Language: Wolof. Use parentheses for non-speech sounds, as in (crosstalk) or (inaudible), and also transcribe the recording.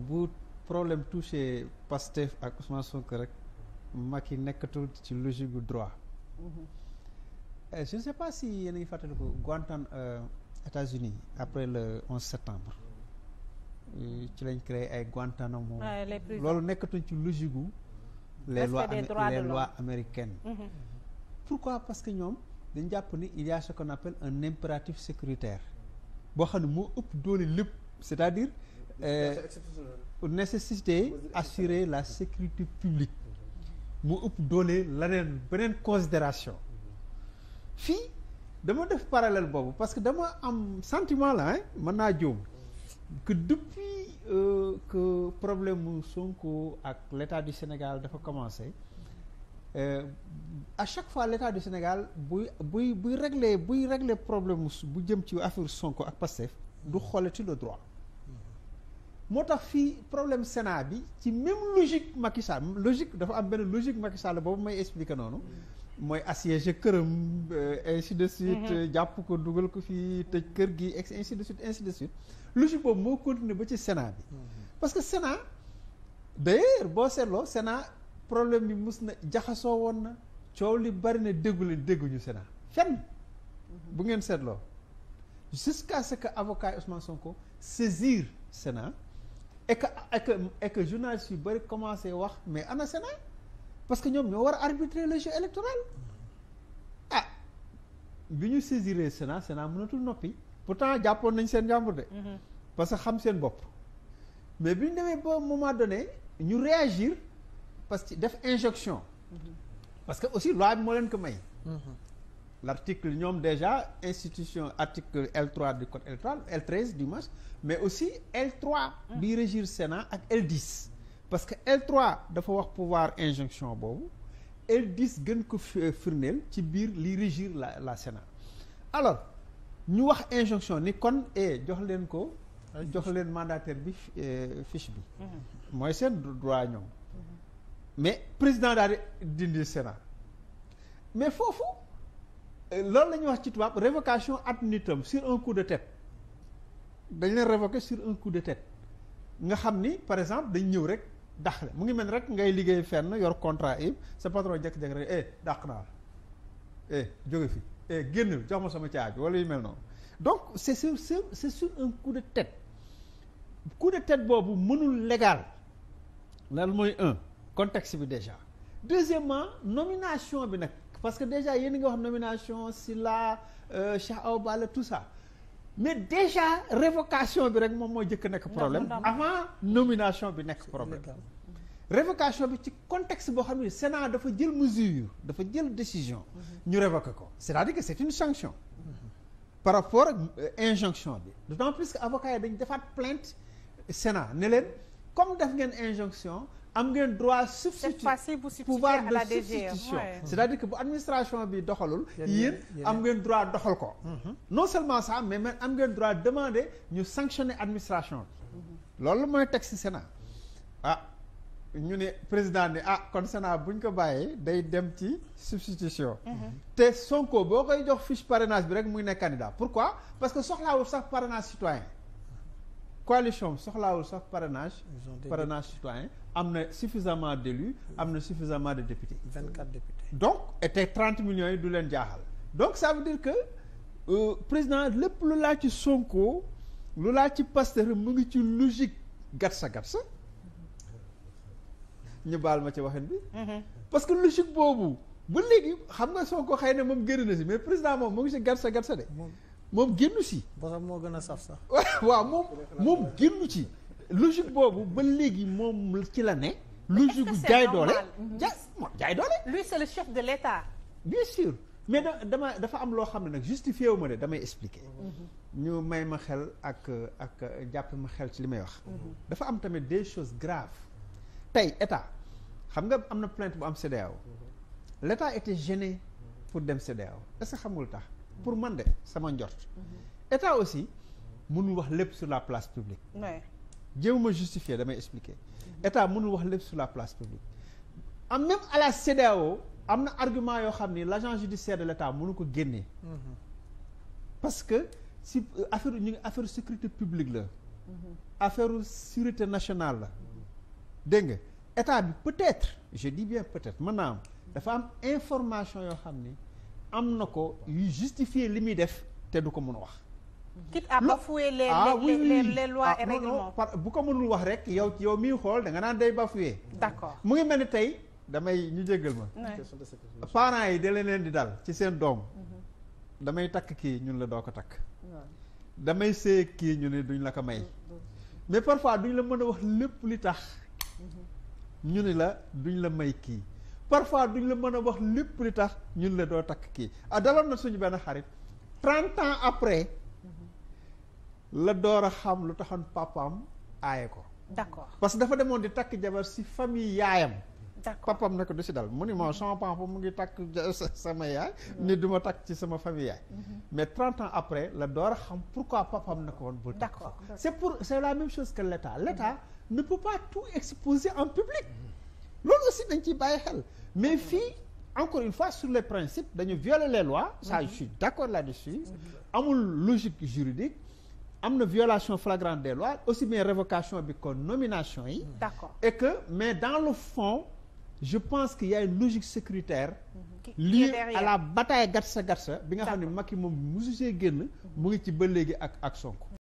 bu problème touché Pastef ak Ousmane Sonko rek yi nekkatul ci logique gu droit. Mhm. Euh, je ne sais pas si yéen a ngi fàttaliku Guantan euh, États-Unis après le 11 septembre. Euh, ci lañ créé ay Guantanamo. loolu nekkatuñ ci logique gu. les lois mhm. pourquoi parce que ñoom dañ jàpp ni il y a ce qu'on un impératif sécuritaire boo xam ne moo ëpp doole lépp c'est-à-dire. Euh, nécessité assurer la sécurité publique mu ëpp doole laneen beneen considération fii dama def parallèle boobu parce que dama am sentiment la mën naa jóom que depuis euh, problème mu Sonko ak l'état du Sénégal dafa commencé euh, à chaque fois l'état du Sénégal buy buy buy régler buy régler problème bu jëm ci affaire Sonko ak Pastef du xoolati le droit moo tax fii problème Sénat bi ci même logique Macky logique dafa am benn logique Macky Sall boobu may expliquer noonu mooy assiégé këram euh, ainsi de suite mhm. jàpp ko dugal ko fii tëj kër gi et ainsi de suite ainsi de suite logique boobu moo continuer ba ci Sénat bi mhm. parce que Sénat d'ailleurs boo seetloo Sénat problème bi mus na jaxasoo woon na coow li bari na déggu leen dégguñu sena fenn mhm. bu ngeen seetloo jusqu'à ce que avocat Ousmane ko saisir Sénat et que et yu bëri commencé wax mais ana Sénat parce que ñoom ñoo war a arbitrer le jeu électoral ah bi ñu saisiree Sénat Sénat mënatul noppi pourtant jàppoon nañ seen jàmbur de. Mhm. parce que xam seen bopp. mais bi ñu demee ba moment donné ñu réagir parce que def injection. Mhm. parce que aussi loi bi moo leen ko may. Mhm. l'article ñoom déjà institution article L3 du code L3 L13 du mais aussi l trois mm. bi régir Sénat ak L10 parce que l trois dafa wax pouvoir injonction boobu L10 gën ko euh, firndeel ci biir li régir la la Sénat alors ñu wax injonction ni kon e jox leen ko jox leen mandataire bi euh, fiche bi mm-hmm. mooy seen droit ñoom mm-hmm. mais président daal di dindi Sénat mais foofu loolu la wax ci tubaab révocation ad nutum sur un coup de tête dañ leen révoquer sur un coup de tête nga xam ni par exemple dañ ñëw rek dàq mu ngi mel ni rek ngay liggéey fenn yor contrat yi sa patron jekk-jekk rek eh dàq naa la eh, jóge fi eh génn jox ma sama caabi wala yu mel noonu donc c'est sur c'est sur un coup de tête coup de tête boobu mënul légal lan mooy un contexte bi déjà deuxièmement nomination bi nag parce que déjà yéen nga wax nomination Sylla euh, Cheikh Awa Balla tout ça mais déjà révocation bi rek moom moo jëkk nekk problème avant nomination bi nekk problème révocation bi ci contexte boo xam ne Sénat dafa jël mesure dafa jël décision mhm. ñu révoqué ko c'est-à-dire que c'est une sanction mhm. par rapport ak euh, injonction bi d'autant plus que avocat yi dañ defaat plainte Sénat ne leen comme def ngeen injonction am ngeen droit substitut pouvoir de substitution hmm. c'est-à-dire que bu administration bi doxalul yéen am ngeen droit doxal ko hmm. non seulement ça mais même am ngeen droit demander ñu sanctionner administration bi hmm. loolu mooy teg texte Sénat ah ñu ne président ne ah kon sena buñ ko bàyyee day dem ci substitution te Sonko boo koy jox fiche parrainage bi rek muy nekk candidat pourquoi parce que soxlaawul sax parrainage citoyen coalition soxlaawul sax parrainage parrainage citoyen am na suffisamment d'élus am na suffisamment de députés vingt-quatre députés donc était trente millions yi du leen jaaxal donc ça veut dire que euh, président lépp lu laa ci Sonko lu laa ci Pastef mu ngi ci logique gatsa gatsa ñu baal ma ci waxin bi mhm. parce que logique boobu ba léegi xam nga Sonko xëy na moom génn na si mais président moom mu ngi ci si gatsa gatsa de moom génnu si. bosam moo gën a saf sax. (laughs) waaw moom moom génnu ci logique boobu ba léegi moom ci la ne. logique bu jaay doole jaay mhm. moom jaay doole. lui c'est le chef de l'État. bien sûr mais dama dafa am loo xam ne nag justifié wu ma ne damay expliquer. Mhm. ñu may ma xel ak ak jàpp ma xel ci li may wax. Mhm. dafa am tamit des choses graves tey état xam nga am na plainte bu am CEDEAO. l'État était gêné pour dem CEDEAO est que xamul tax. pour man de sama njort. Mhm. état aussi mënul wax lépp sur la place publique. jéem a justifier damay expliquer. Mhm. état mënul wax lépp sur la place publique. am même à la CEDEAO am na argument yoo xam ni l' agent judiciaire de l' état mënu ko génnee. Mhm. parce que si euh, affaire ñu ngi affaire sécurité publique la. affaire sécurité nationale la. dégg nga état bi peut-être je bien peut-être mën naa am dafa am information yoo xam ni. am na ko yu justifier li muy def te du ko mën a wax. quitte à bafouer les ah les les lois ah, et règlements bu ko mënul wax rek yow yow miy xool da nga naan day bafouer. d'accord mu ngi mel ni tey damay ñu jéggal ma. parents yi da leen di dal ci seen doom. Mm-hmm. damay takk kii ñun la doo ko takk. damay see kii ñu ne duñ la ko may. mais parfois duñ la mën a wax lépp li tax. Mm-hmm. ñu ne la duñ la may kii. parfois ñu la mën a wax lépp li tax ñun la doo takk kii ah daloon na suñu benn xarit trente ans après mm-hmm. la door a xam lu taxoon papaam aaye ko d'accord parce que dafa demoon di takk jabar si famille yaayam d'accord papam ne ko du si dal mu ni moo sama papa mu ngi takk sama yaay mm-hmm. ni du ma takk ci sama famille yaay mm-hmm. mais trente ans après la door a xam pourquoi papam na ko woon bul takk c'est pour c'est la même chose que l'État l'État ne peut pas tout exposer en public aussi dañ ciy bàyyi xel mais fii encore une fois sur les principes dañu violer les lois ça je suis d'accord là-dessus amul logique juridique am na violation flagrante des lois aussi bien révocation bi que nomination yi d'accord et que mais dans le fond je pense que y a une logique sécuritaire liée à la bataille Gatsa Gatsa bi nga xam ne Macky moom mosu see génn mu ngi ci ba léegi ak ak Sonko